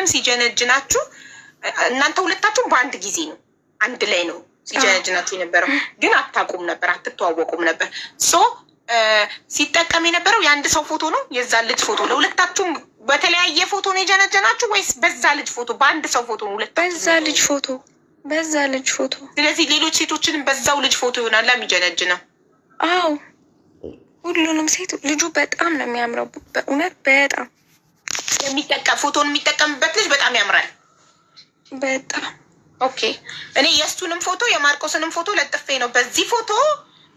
እናንተንም ሲጀነጅናችሁ እናንተ ሁለታችሁም በአንድ ጊዜ ነው አንድ ላይ ነው ሲጀነጅናችሁ የነበረው፣ ግን አታውቁም ነበር፣ አትተዋወቁም ነበር። ሶ ሲጠቀም የነበረው የአንድ ሰው ፎቶ ነው የዛ ልጅ ፎቶ። ለሁለታችሁም በተለያየ ፎቶ ነው የጀነጀናችሁ ወይስ በዛ ልጅ ፎቶ? በአንድ ሰው ፎቶ ነው ሁለታችሁ? በዛ ልጅ ፎቶ፣ በዛ ልጅ ፎቶ። ስለዚህ ሌሎች ሴቶችንም በዛው ልጅ ፎቶ ይሆናል ለሚጀነጅ ነው። አዎ ሁሉንም ሴት ልጁ በጣም ነው የሚያምረው፣ በእውነት በጣም የሚጠቀ ፎቶን የሚጠቀምበት ልጅ በጣም ያምራል። በጣም ኦኬ። እኔ የእሱንም ፎቶ የማርቆስንም ፎቶ ለጥፌ ነው። በዚህ ፎቶ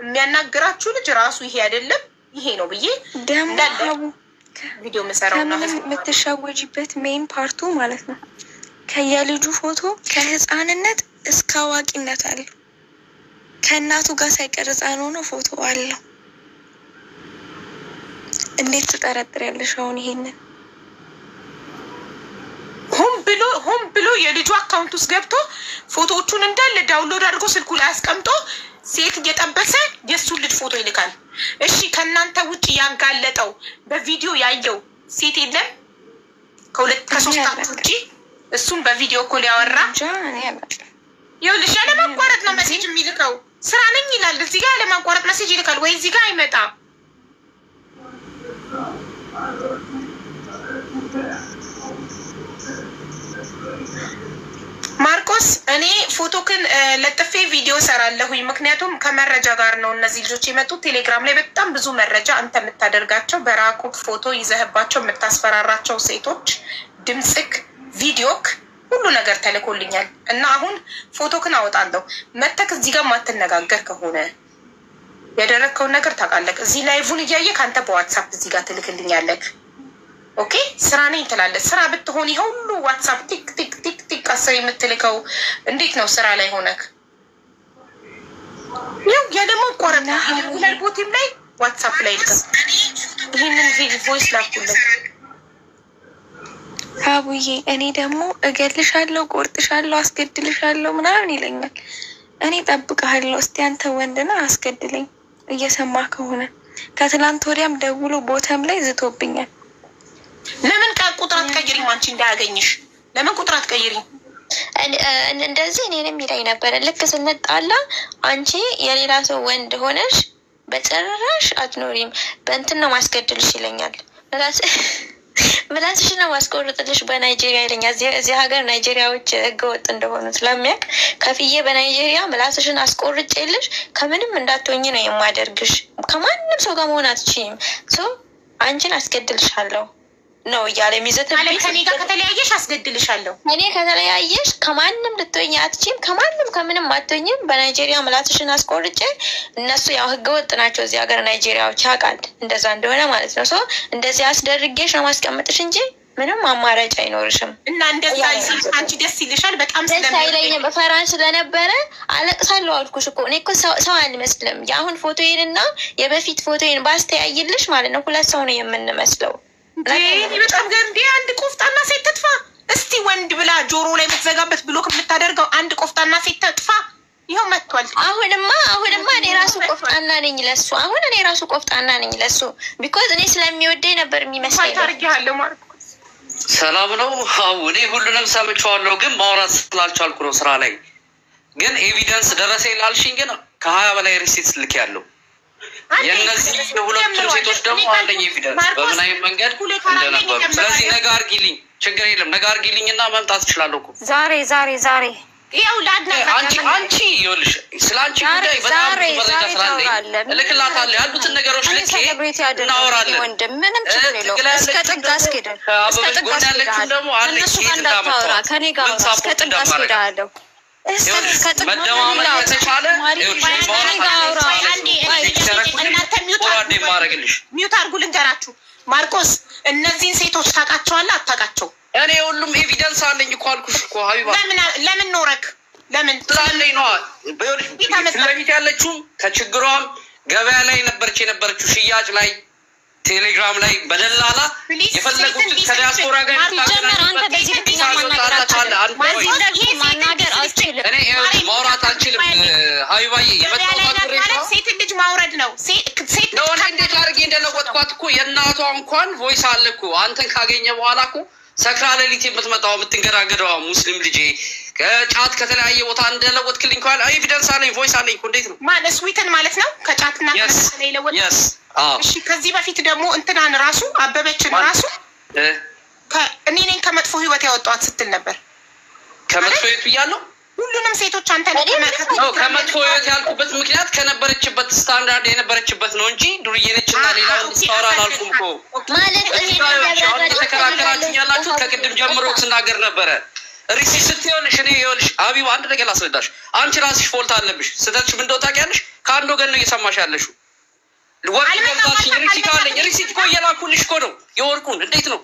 የሚያናግራችሁ ልጅ ራሱ ይሄ አይደለም ይሄ ነው ብዬ ደግሞ ቪዲዮ መሰራው የምትሻወጅበት ሜን ፓርቱ ማለት ነው። ከየልጁ ፎቶ ከህፃንነት እስከ አዋቂነት አለው። ከእናቱ ጋር ሳይቀር ህፃን ሆኖ ፎቶ አለው። እንዴት ትጠረጥሪያለሽ አሁን ይሄንን? ብሎ ሆን ብሎ የልጁ አካውንት ውስጥ ገብቶ ፎቶዎቹን እንዳለ ዳውንሎድ አድርጎ ስልኩ ላይ አስቀምጦ ሴት እየጠበሰ የእሱን ልጅ ፎቶ ይልካል። እሺ ከእናንተ ውጭ ያጋለጠው በቪዲዮ ያየው ሴት የለም ከሁለት ከሶስት አመት ውጭ እሱን በቪዲዮ ኮል ያወራ ይኸውልሽ፣ ያለማቋረጥ ነው መሴጅ የሚልከው። ስራ ነኝ ይላል እዚህ ጋር ያለማቋረጥ መሴጅ ይልካል ወይ እዚህ ጋር አይመጣም። ማርቆስ እኔ ፎቶክን ለጥፌ ቪዲዮ ሰራለሁኝ። ምክንያቱም ከመረጃ ጋር ነው እነዚህ ልጆች የመጡት። ቴሌግራም ላይ በጣም ብዙ መረጃ አንተ የምታደርጋቸው በራቁት ፎቶ ይዘህባቸው የምታስፈራራቸው ሴቶች ድምፅክ፣ ቪዲዮክ ሁሉ ነገር ተልኮልኛል እና አሁን ፎቶክን አወጣለሁ። መተክ እዚህ ጋር ማትነጋገር ከሆነ ያደረግከውን ነገር ታውቃለህ። እዚህ ላይቭን እያየ ከአንተ በዋትሳፕ እዚህ ጋር ትልክልኛለህ። ኦኬ ስራ ነኝ ትላለህ። ስራ ብትሆን ይሄ ሁሉ ዋትሳፕ ቲክ ቲክ ቲክ እንዲታሰር የምትልከው እንዴት ነው? ስራ ላይ ሆነክ ያው ያ ደግሞ ቆረና ሁላል ቦቴም ላይ ዋትሳፕ ላይ ልከ ይህንን ቮይስ ላኩለት አቡዬ እኔ ደግሞ እገልሻለሁ፣ ቆርጥሻለሁ፣ አስገድልሻለሁ ምናምን ይለኛል። እኔ ጠብቀሃለሁ። እስቲ አንተ ወንድና አስገድለኝ እየሰማ ከሆነ ከትላንት ወዲያም ደውሎ ቦተም ላይ ዝቶብኛል። ለምን ቃል ቁጥር አትቀይሪም አንቺ እንዳያገኝሽ ለምን ቁጥር አትቀይሪ? እንደዚህ እኔንም ይለኝ ነበረ። ልክ ስንጣላ አንቺ የሌላ ሰው ወንድ ሆነሽ በጭራሽ አትኖሪም፣ በእንትን ነው ማስገድልሽ ይለኛል። ምላስሽ ነው ማስቆርጥልሽ በናይጄሪያ ይለኛል። እዚህ ሀገር ናይጄሪያዎች ህገ ወጥ እንደሆኑ ስለሚያውቅ ከፍዬ በናይጄሪያ ምላስሽን አስቆርጬልሽ ከምንም እንዳትሆኝ ነው የማደርግሽ። ከማንም ሰው ጋር መሆን አትችይም። አንቺን አስገድልሻለሁ ነው እያለ የሚዘት ማለት ከኔ ጋር ከተለያየሽ አስገድልሻለሁ። እኔ ከተለያየሽ ከማንም ልትወኝ አትችም፣ ከማንም ከምንም አትወኝም። በናይጄሪያ ምላስሽን አስቆርጬ እነሱ ያው ህገ ወጥ ናቸው እዚህ ሀገር ናይጄሪያዎች ያውቃል፣ እንደዛ እንደሆነ ማለት ነው። ሶ እንደዚህ አስደርጌሽ ነው ማስቀምጥሽ እንጂ ምንም አማራጭ አይኖርሽም። እና እንደዛ አንቺ ደስ ይልሻል። በጣም ደስ አይለኝም። በፈራን ስለነበረ አለቅሳለሁ አልኩሽ እኮ እኔ እኮ ሰው አንመስልም። የአሁን ፎቶዬን እና የበፊት ፎቶዬን ባስተያይልሽ ማለት ነው ሁለት ሰው ነው የምንመስለው። በጣም ገር እንዲ አንድ ቆፍጣና ሴት ትጥፋ እስቲ ወንድ ብላ ጆሮ ላይ የምትዘጋበት ብሎክ የምታደርገው አንድ ቆፍጣና ሴት ትጥፋ። ይኸው መጥቷል። አሁንማ አሁንማ እኔ ራሱ ቆፍጣና ነኝ ለሱ። አሁን እኔ ራሱ ቆፍጣና ነኝ ለሱ። ቢኮዝ እኔ ስለሚወደኝ ነበር የሚመስለኝ። ታርጊያለሁ ማርቆስ ሰላም ነው። አዎ እኔ ሁሉንም ሰምቼዋለሁ፣ ግን ማውራት ስላልቻልኩ ነው ስራ ላይ። ግን ኤቪደንስ ደረሰ ላልሽኝ ግን ከሀያ በላይ ሪሲት ልክ ያለው የነዚህ የሁለቱም ሴቶች ደግሞ አንደኛ ኤቪደንስ በምን አይነት መንገድ እንደነበሩ። ስለዚህ ነገ አርጊልኝ፣ ችግር የለም ነገ አርጊልኝ እና መምጣት እችላለሁ እኮ ዛሬ ዛሬ ዛሬ አንቺ ይኸውልሽ፣ ስለ አንቺ ጉዳይ በጣም መረጃ ስላለኝ እልክላታለሁ። ያሉትን ነገሮች ልኬ እናወራለን። ከአበበች ጎን ደግሞ አለ ከእኔ ጋር እስከ ጥግ አስኬዳለሁ። ሚዩት አድርጉ ልንገራችሁ። ማርቆስ እነዚህን ሴቶች ታውቃቸዋለህ አታውቃቸው? እኔ ሁሉም ኤቪደንስ አለኝ እኮ አልኩሽ እኮ ሀቢባ። ለምን ኖረክ ለምን ስላለኝ ነዋ። ለፊት ያለችው ከችግሯም ገበያ ላይ ነበረች የነበረችው ሽያጭ ላይ ቴሌግራም ላይ በደላላ የፈለጉትን ከዲያስፖራ ጋር ማውራት አልችልም። ሀይባዬ ሴት ልጅ ማውረድ ነው። እንዴት አድርጌ እንደለወጥኳት እኮ የእናቷ እንኳን ቮይስ አለ እኮ አንተን ካገኘ በኋላ እኮ ሰክራ ሌሊት የምትመጣው የምትንገራገደዋ ሙስሊም ልጄ ከጫት ከተለያየ ቦታ እንደለወጥክልኝ ከኋላ ኤቪደንስ አለኝ፣ ቮይስ አለኝ እኮ። እንዴት ነው ማን ስዊትን ማለት ነው? ከጫትና ለወጥ እሺ። ከዚህ በፊት ደግሞ እንትናን ራሱ አበበችን ራሱ እኔ ነኝ ከመጥፎ ህይወት ያወጣዋት ስትል ነበር። ከመጥፎ ህይወት ብያለሁ ሁሉንም ሴቶች አንተ ከመጥፎ ህይወት ያልኩበት ምክንያት ከነበረችበት ስታንዳርድ የነበረችበት ነው እንጂ ዱርዬ ነች እና ሌላ እንድታወራ አላልኩም እኮ። ተከራከራችሁ ያላችሁት ከቅድም ጀምሮ ስናገር ነበረ። ሪሲ ስትሆንሽ እኔ ይኸውልሽ፣ አቢብ አንድ ነገር ላስረዳሽ። አንቺ ራስሽ ፎልት አለብሽ። ስህተትሽ ምን እንደሆነ ታውቂያለሽ። ከአንድ ወገን ነው እየሰማሽ ያለሽው። ወርቅ ገብታሽ ሪሲት አለኝ። ሪሲት እኮ እየላኩልሽ እኮ ነው የወርቁን። እንዴት ነው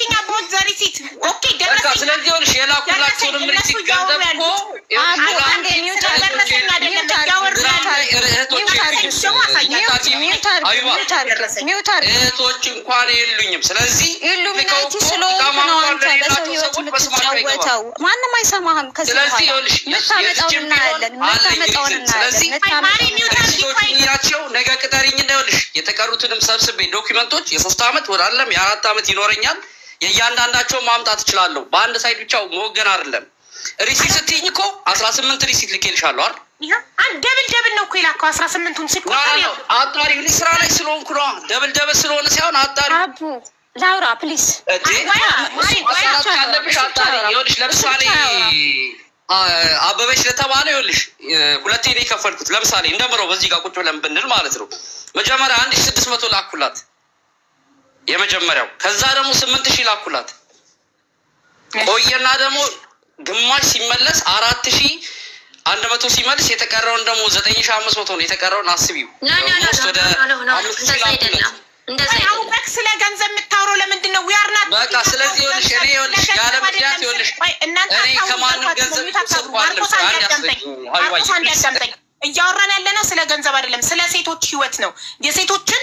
ቶኪንግ አብሮት ዘ ሪሲት ኦኬ ደረሰኝ። ስለዚህ ሆንሽ የላኩላቸውንም ሪሲት ገንዘብ እህቶች እንኳን የሉኝም። ስለዚህ ኢሉሚናቲ ስለሆኑ ነው ነገ ቅጠሪኝ የተቀሩትንም ሰብስቤ ዶኪመንቶች የሶስት ዓመት ወደ አለም የአራት ዓመት ይኖረኛል የእያንዳንዳቸው ማምጣት እችላለሁ። በአንድ ሳይድ ብቻ መወገን አይደለም። ሪሲት ስትይኝ እኮ አስራ ስምንት ሪሲት ልኬልሻለሁ አይደል? ደብል ደብል ነው እኮ የላከው አስራ ስምንቱን ሲቆጠር አጣሪ ስራ ላይ ስለሆንኩ ነው። ደብል ደብል ስለሆነ ሳይሆን አጣሪ ላውራ ፕሊዝ ያለብሽ አጣሪ ይኸውልሽ፣ ለምሳሌ አበበች ለተባለ ይኸውልሽ ሁለቴ ነው የከፈልኩት። ለምሳሌ እንደምረው በዚህ ጋር ቁጭ ብለን ብንል ማለት ነው መጀመሪያ አንድ ሺህ ስድስት መቶ ላኩላት የመጀመሪያው። ከዛ ደግሞ ስምንት ሺህ ላኩላት። ቆየና ደግሞ ግማሽ ሲመለስ አራት ሺህ አንድ መቶ ሲመልስ የተቀረውን ደግሞ ዘጠኝ ሺህ አምስት መቶ ነው። የተቀረውን አስቢው። አውቀህ ስለ ገንዘብ የምታወራው ለምንድን ነው? ያርና በቃ ስለዚህ ይኸውልሽ፣ እኔ ይኸውልሽ ያለ ምክንያት ይኸውልሽ፣ እኔ ከማንም ገንዘብ ማርቆስ እያወራን ያለ ነው ስለ ገንዘብ አይደለም፣ ስለ ሴቶች ህይወት ነው የሴቶችን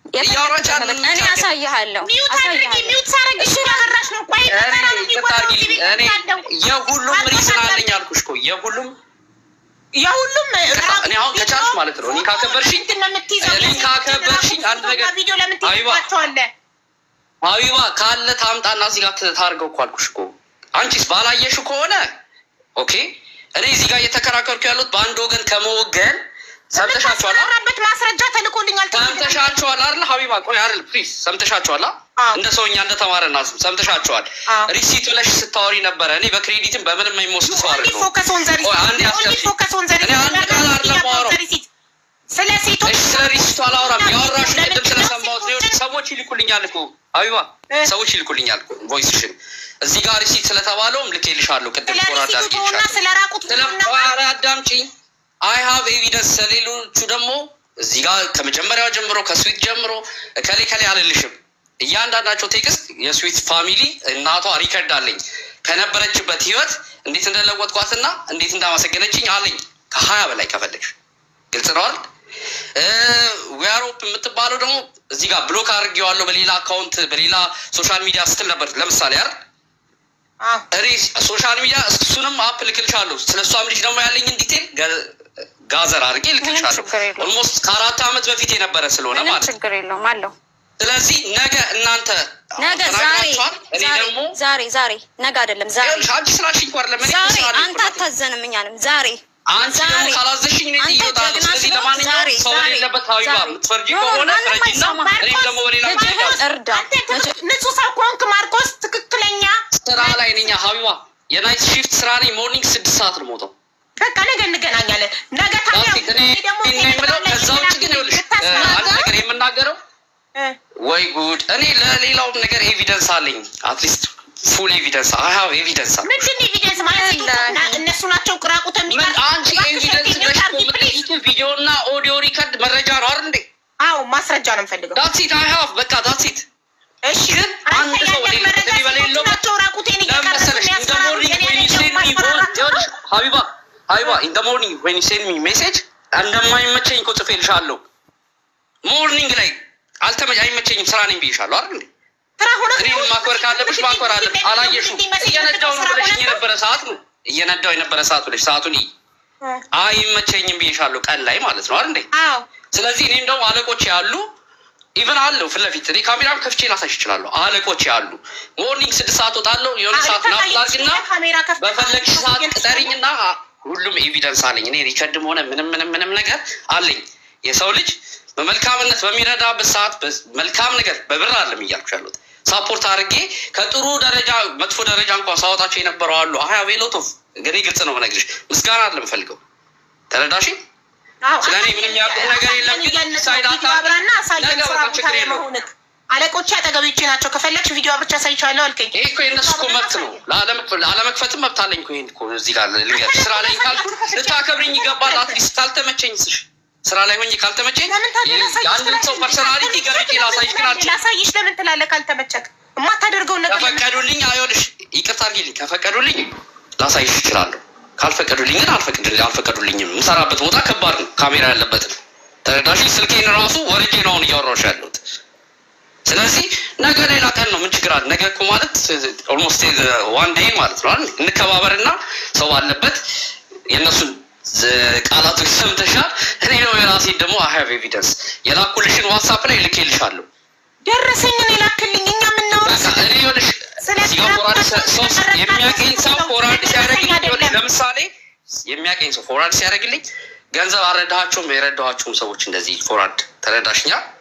እኔ አሳይሃለሁ። የሁሉም ሪስ አለኝ አልኩሽ እኮ የሁሉም የሁሉም እኔ አሁን ከቻልሽ ማለት ነው። እኔ ካከበርሽኝ እኔ ካከበርሽኝ አንድ ነገር አቢባ ካለ ታምጣና እዚህ ጋር ታርገው እኮ አልኩሽ እኮ። አንቺስ ባላየሽው ከሆነ ኦኬ። እኔ እዚህ ጋር እየተከራከርኩ ያሉት በአንድ ወገን ከመወገን ሰምተሻቸዋል። ማስረጃ ተልኮልኛል። ሰምተሻቸዋል አይደል? ሀቢባ ቆይ አይደል? ፕሊዝ ሰምተሻቸዋል። እንደ ሰውኛ እንደ ተማረ ሰምተሻቸዋል። ሪሲት ብለሽ ስታወሪ ነበረ። እኔ በክሬዲትም በምንም ሰው አይደለሁም። ስለ ሴቶች ስለ ሪሲቱ አላወራም። ቅድም ስለሰማሁት ሰዎች ይልኩልኛል እኮ ሀቢባ፣ ሰዎች ይልኩልኛል ቮይስሽን እዚህ ጋር ሪሲት ስለተባለውም ልኬልሻለሁ። ቅድም ልኬልሻለሁ። ስለ አዳምጪኝ አይ ሀብ ኤቪደንስ። ሌሎቹ ደግሞ እዚህ ጋር ከመጀመሪያው ጀምሮ ከስዊት ጀምሮ ከሌ ከሌ አልልሽም። እያንዳንዳቸው ቴክስት የስዊት ፋሚሊ እናቷ ሪከርድ አለኝ ከነበረችበት ህይወት እንዴት እንደለወጥኳትና እንዴት እንዳመሰገነችኝ አለኝ። ከሀያ በላይ ከፈለግሽ ግልጽ ነዋል። ዌያሮፕ የምትባለው ደግሞ እዚህ ጋር ብሎክ አድርጌዋለሁ በሌላ አካውንት በሌላ ሶሻል ሚዲያ ስትል ነበር። ለምሳሌ አይደል ሶሻል ሚዲያ እሱንም አፕ ልክልሻለሁ። ስለሷም ልጅ ደግሞ ያለኝ እንዲቴል ጋዘር አድርጌ ልክልሻለሁ። ኦልሞስት ከአራት ዓመት በፊት የነበረ ስለሆነ ማለት ችግር የለውም አለው። ስለዚህ ነገ እናንተ ነገ ዛሬ ዛሬ ነገ አይደለም ዛሬ አንቺ ስላልሽኝ ኳር ለምን ዛሬ አንተ አታዘንም እኛንም ዛሬ ካላዘሽኝ ስለዚህ ለማንኛውም ሰው ከሆነ እርዳ። ሰው ማርቆስ ትክክለኛ ስራ ላይ ነኝ ሀቢባ፣ የናይት ሺፍት ስራ ነኝ። ሞርኒንግ ስድስት ሰዓት ነው የምወጣው በቃ ነገ እንገናኛለን። ነገ ነገር የምናገረው ወይ ጉድ! እኔ ለሌላውም ነገር ኤቪደንስ አለኝ። አትሊስት ፉል ኤቪደንስ አይ ሀብ ኤቪደንስ አለ። ምንድን ነው ኤቪደንስ ማለት? እነሱ ናቸው ቅራቁት የሚባል አንቺ ኤቪደንስ ቪዲዮ እና ኦዲዮ ሪከርድ መረጃ ነው አይደል እንዴ? አዎ ማስረጃ ነው የምፈልገው። ዳትሲት አይ ሀብ በቃ ዳትሲት እሺ ግን አንድ ሰው ሌሎቸው ራቁቴን እየቀረ ሚያስፈራ ሀቢባ አይዋ ኢን ደ ሞርኒንግ ወን ዩ ሴንድ ሚ ሜሴጅ እንደማይመቸኝ እኮ ጽፌልሻለሁ። ሞርኒንግ ላይ አልተመ አይመቸኝም ስራ ነኝ ብዬሻለሁ አይደል እንዴ? ስክሪን ማክበር ካለብሽ ማክበር አለ። አላየሽም? እየነዳው ነው ብለሽ የነበረ ሰዓት ነው እየነዳው የነበረ ሰዓት ብለሽ ሰዓቱን አይመቸኝም ብዬሻለሁ፣ ቀን ላይ ማለት ነው አይደል እንዴ? ስለዚህ እኔ እንደውም አለቆች ያሉ ኢቨን አለው ፊት ለፊት እኔ ካሜራም ከፍቼ ላሳሽ እችላለሁ። አለቆች ያሉ ሞርኒንግ ስድስት ሰዓት ወጣለሁ የሆነ ሰዓት ናፍላርግና በፈለግሽ ሰዓት ቅጠሪኝና ሁሉም ኤቪደንስ አለኝ። እኔ ሪከርድም ሆነ ምንም ምንም ምንም ነገር አለኝ። የሰው ልጅ በመልካምነት በሚረዳበት ሰዓት መልካም ነገር በብር አለም እያልኩ ያሉት ሳፖርት አድርጌ ከጥሩ ደረጃ መጥፎ ደረጃ እንኳን ሳወጣቸው የነበረው አሉ ሀያ ቤሎቶ ግን ግልጽ ነው ነግሽ ምስጋና አለም ፈልገው ተረዳሽኝ። ስለኔ ምንም ያቁ ነገር የለም ሳይዳታ ነገ በቃ ችግር የለውም አለቆቼ አጠገቤቼ ናቸው። ከፈለግሽ ቪዲዮ ብቻ አሳይቼዋለሁ አልከኝ። ይህ እኮ የእነሱ እኮ መብት ነው። ለአለመክፈትም መብት አለኝ እኮ። ይህን እኮ እዚህ ጋር ስራ ላይ ካልኩ ልታከብሪኝ ይገባል። አትሊስት ካልተመቸኝ ስሽ ስራ ላይ ሆኜ ካልተመቸኝ አንድ ሰው ፐርሰናሊቲ ገብቼ ላሳይሽ ግን አልችልም። ላሳይሽ ለምን ትላለህ? ካልተመቸክ የማታደርገውን ነገር ከፈቀዱልኝ፣ አይሆንሽ ይቅርታ አድርጊልኝ። ከፈቀዱልኝ ላሳይሽ እችላለሁ። ካልፈቀዱልኝ ግን አልፈቀዱልኝም። የምሰራበት ቦታ ከባድ ነው፣ ካሜራ ያለበትም ተረዳሽ። ስልኬን ራሱ ወርጄ ነው አሁን እያወራሁሽ ያለሁት ስለዚህ ነገ ሌላ ቀን ነው። ምን ችግር አለ? ነገ እኮ ማለት ኦልሞስት ዋን ዴይ ማለት ነው እንከባበር እንከባበርና ሰው ባለበት የእነሱን ቃላቶች ሰምተሻል። እኔ ነው የራሴ ደግሞ አሀብ ኤቪደንስ የላኩልሽን ዋትሳፕ ላይ ልኬልሻለሁ። ደረሰኝን የላክልኝ እኛ የምናወራ ሰው ሰው ፎራድ ሲያደርግልኝ ለምሳሌ የሚያገኝ ሰው ፎራድ ሲያደርግልኝ ገንዘብ አልረዳኋቸውም የረዳኋቸውም ሰዎች እንደዚህ ፎራድ ተረዳሽኛል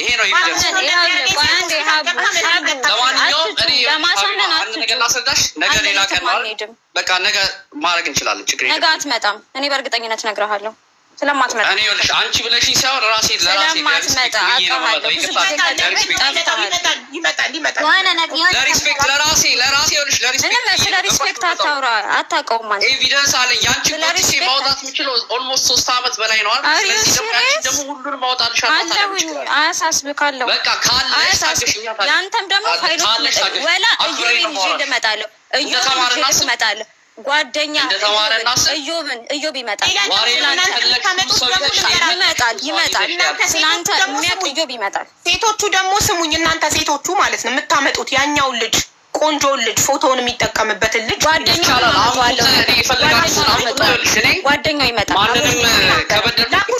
ይሄ ነው ኤቪደንስ። ነገ ሌላ ቀን በቃ ነገ ማድረግ እንችላለን። ችግር ነገ አትመጣም። እኔ በእርግጠኝነት እነግርሃለሁ። ስለማትመጣ እኔ ይኸውልሽ፣ አንቺ ብለሽኝ ሳይሆን ራሴ ለራሴ ለራሴ ለራሴ ይኸውልሽ፣ ለሪስፔክት አታውራ አታውቀውም ኤቪደንስ አለኝ። የአንቺ ፖሊሲ ማውጣት የምችለው ኦልሞስት ሶስት በላይ ስለዚህ ደግሞ ሁሉን ማውጣት ካለው በቃ ካለሽ የአንተም ደግሞ ፋይሎች ወላ እዩ ልመጣለሁ እዩ ልመጣለሁ ጓደኛ እዮብን እዮብ ይመጣል ይመጣል ስለአንተ የሚያውቅ እዮብ ይመጣል። ሴቶቹ ደግሞ ስሙኝ እናንተ ሴቶቹ ማለት ነው የምታመጡት ያኛውን ልጅ ቆንጆውን ልጅ ፎቶውን የሚጠቀምበትን ልጅ ጓደኛ ይመጣል። እናንተ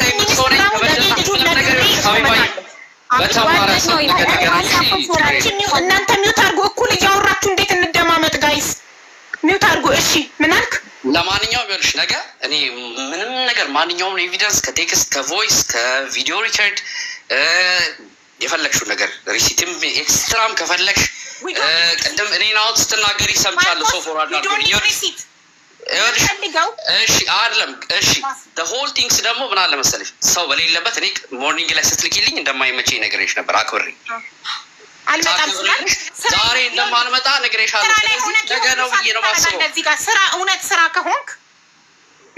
እሺ ምን አልክ? ለማንኛውም ይኸውልሽ ነገ እኔ ምንም ነገር ማንኛውም ኤቪደንስ ከቴክስት ከቮይስ ከቪዲዮ ሪከርድ የፈለግሽው ነገር ሪሲትም ኤክስትራም ከፈለግሽ ቅድም እኔን አሁን ስትናገሪ ሰምቻለሁ። ሶፎር እሺ አይደለም እሺ ሆል ቲንግስ ደግሞ ምን አለ መሰለሽ ሰው በሌለበት እኔ ሞርኒንግ ላይ ስትልኪልኝ እንደማይመቸኝ ነገርሽ ነበር አክብሬ አልመጣም ስላል ዛሬ እንደማልመጣ ነግሬሻለሁ። ስራ እውነት ስራ ከሆንክ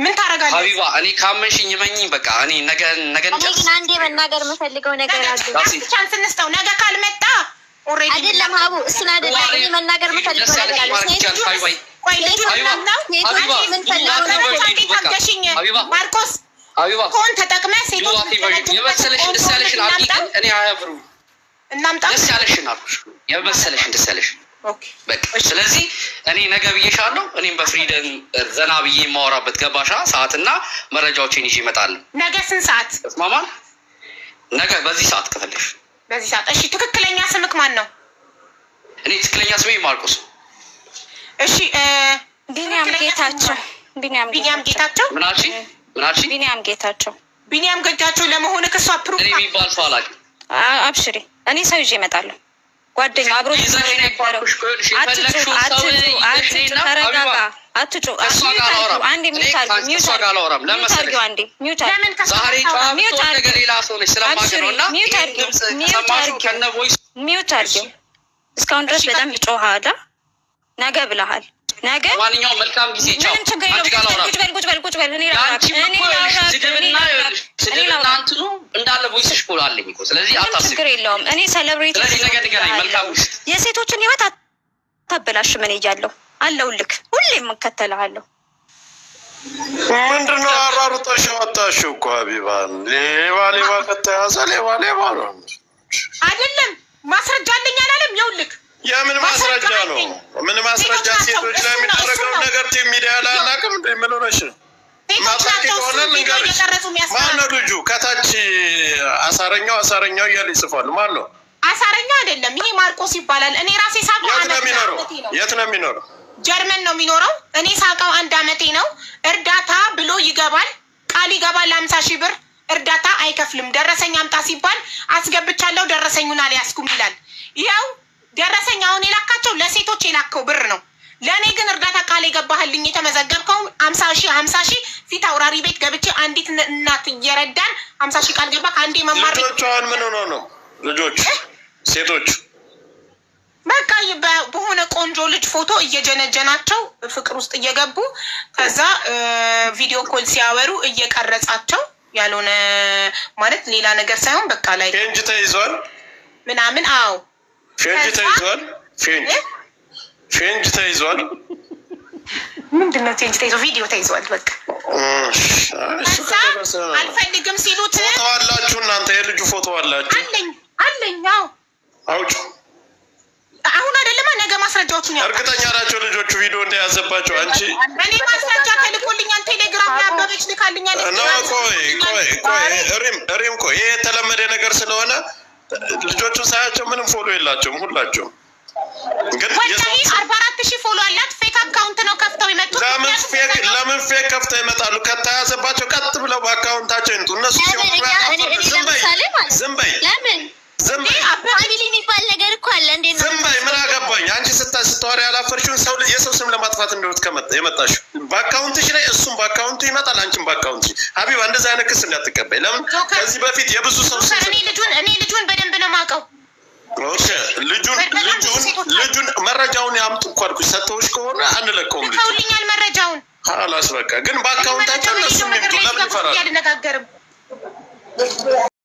ምን ታደርጋለህ ሀቢባ? እኔ ካመንሽኝ እመኚኝ። በቃ እኔ ነገ ነገ አንዴ መናገር የምፈልገው ነገር አለ። ቻንስ እንስጠው። ነገ ካልመጣ አይደለም ሀቡ፣ እሱን አይደለም እኔ መናገር የምፈልገው ነገር አለ። ማርቆስ ኮን ተጠቅመህ ሴቶች የመሰለሽ ደስ ያለሽን አድርጊ። እናምጣ። ደስ ያለሽን አልኩሽ፣ የመሰለሽን ደስ ያለሽን። ስለዚህ እኔ ነገ ብዬሻለሁ። እኔም በፍሪደም ዘና ብዬ የማወራበት ገባሻ ሰዓትና መረጃዎችን ይዤ እመጣለሁ። ነገ ስንት ሰዓት ነገ በዚህ ሰዓት በዚህ ሰዓት። እሺ፣ ትክክለኛ ስምክ ማን ነው? እኔ ትክክለኛ ስሜ ማርቆስ። እሺ፣ ቢኒያም ጌታቸው። ቢኒያም ጌታቸው ቢኒያም ጌታቸው። ቢኒያም ጌታቸው ለመሆን ክሷ ፕሩፍ የሚባል ሰው አላውቅም። እኔ ሰው ይዤ እመጣለሁ። ጓደኛ አብሮ እስካሁን ድረስ በጣም ጮኸሃል፣ ነገ ብለሃል ነገ ማንኛውም መልካም ጊዜ ቻው። ችግር የለውም። እኔ ሰለብሬት የሴቶችን ህይወት አታበላሽ። ምን እያለሁ አለሁልክ፣ ሁሌ የምከተልሃለሁ። ምንድነው አራሩጠሽ ወጣሽው እኮ ሀቢባን። ሌባ ሌባ ከተያዘ ሌባ ሌባ ነው። አይደለም ማስረጃ አለኝ አላለም። የውልክ የምን ማስረጃ ነው? ማስረጃ ሴቶች ላይ የሚደረገውን ነገር ቲም ሚዲያ ላይ አናውቅም። እንደ ምን ሆነሽ ማታቂ ማነው ልጁ ከታች አሳረኛው አሳረኛው እያለ ይጽፋሉ። ማን ነው አሳረኛ? አይደለም ይሄ ማርቆስ ይባላል። እኔ ራሴ ሳውቀው የት ነው የሚኖረው? የት ነው የሚኖረው? ጀርመን ነው የሚኖረው። እኔ ሳውቀው አንድ አመቴ ነው። እርዳታ ብሎ ይገባል፣ ቃል ይገባል ለአምሳ ሺህ ብር እርዳታ አይከፍልም። ደረሰኝ አምጣ ሲባል አስገብቻለሁ ደረሰኙን አልያዝኩም ይላል። ይኸው ደረሰኝ አሁን የላካቸው ለሴቶች የላከው ብር ነው። ለእኔ ግን እርዳታ ቃል የገባህልኝ የተመዘገብከው አምሳ ሺ አምሳ ሺ ፊት አውራሪ ቤት ገብቼ አንዲት እናት እየረዳን አምሳ ሺ ቃል ገባ ከአንዴ መማር ልጆቿን ምን ሆኖ ነው ልጆች ሴቶች በቃ በሆነ ቆንጆ ልጅ ፎቶ እየጀነጀናቸው ፍቅር ውስጥ እየገቡ ከዛ ቪዲዮ ኮል ሲያወሩ እየቀረጻቸው ያልሆነ ማለት ሌላ ነገር ሳይሆን በቃ ላይ ፔንጅ ተይዟል ምናምን አዎ ፌንጅ ተይዟል። ፌንጅ ፌንጅ ተይዟል። ምንድን ነው ፌንጅ ተይዞ ቪዲዮ ተይዟል። በቃ አልፈልግም ሲሉት ፎቶ አላችሁ እናንተ የልጁ ፎቶ አላችሁ አለኝ አለኝ። አዎ አውጭ አሁን አይደለማ ነገ ማስረጃዎቹን ያው እርግጠኛ ናቸው ልጆቹ ቪዲዮ እንደያዘባቸው። አንቺ እኔ ማስረጃ ተልኮልኛል፣ ቴሌግራም ላይ አበበች ልካልኛል። ቆይ ቆይ ቆይ ሪም ሪም ቆይ ይሄ የተለመደ ነገር ስለሆነ ልጆቹን ሳያቸው ምንም ፎሎ የላቸውም ሁላቸውም። አርባ አራት ሺህ ፎሎ አላት። ፌክ አካውንት ነው ከፍተው የመጡት። ለምን ፌክ ከፍተው ይመጣሉ? ከተያዘባቸው ቀጥ ብለው በአካውንታቸው ይንጡ። እነሱ ዝም በይ ዝም በይ ዝም በይ እኮ አለ። እንዴት ነው? ዝም በይ። ምን አገባኝ? አንቺ ስታወሪ ያላፈርሽውን ሰው የሰው ስም ለማጥፋት እንደሆነ የመጣሽው በአካውንትሽ ላይ እሱም በአካውንቱ ይመጣል፣ አንቺም በአካውንት ሀቢባ፣ እንደዚህ አይነት ክስ እንዳትቀበይ። ለምን ከዚህ በፊት የብዙ ሰው እኔ ልጁን በደንብ ነው የማውቀው። ልጁን መረጃውን ያምጡ እኮ አልኩሽ። ሰጥተውሽ ከሆነ አንለቀውም። ልውልኛል መረጃውን አላስ በቃ ግን በአካውንታቸው እነሱ ሚምጡ ለምን ይፈራል?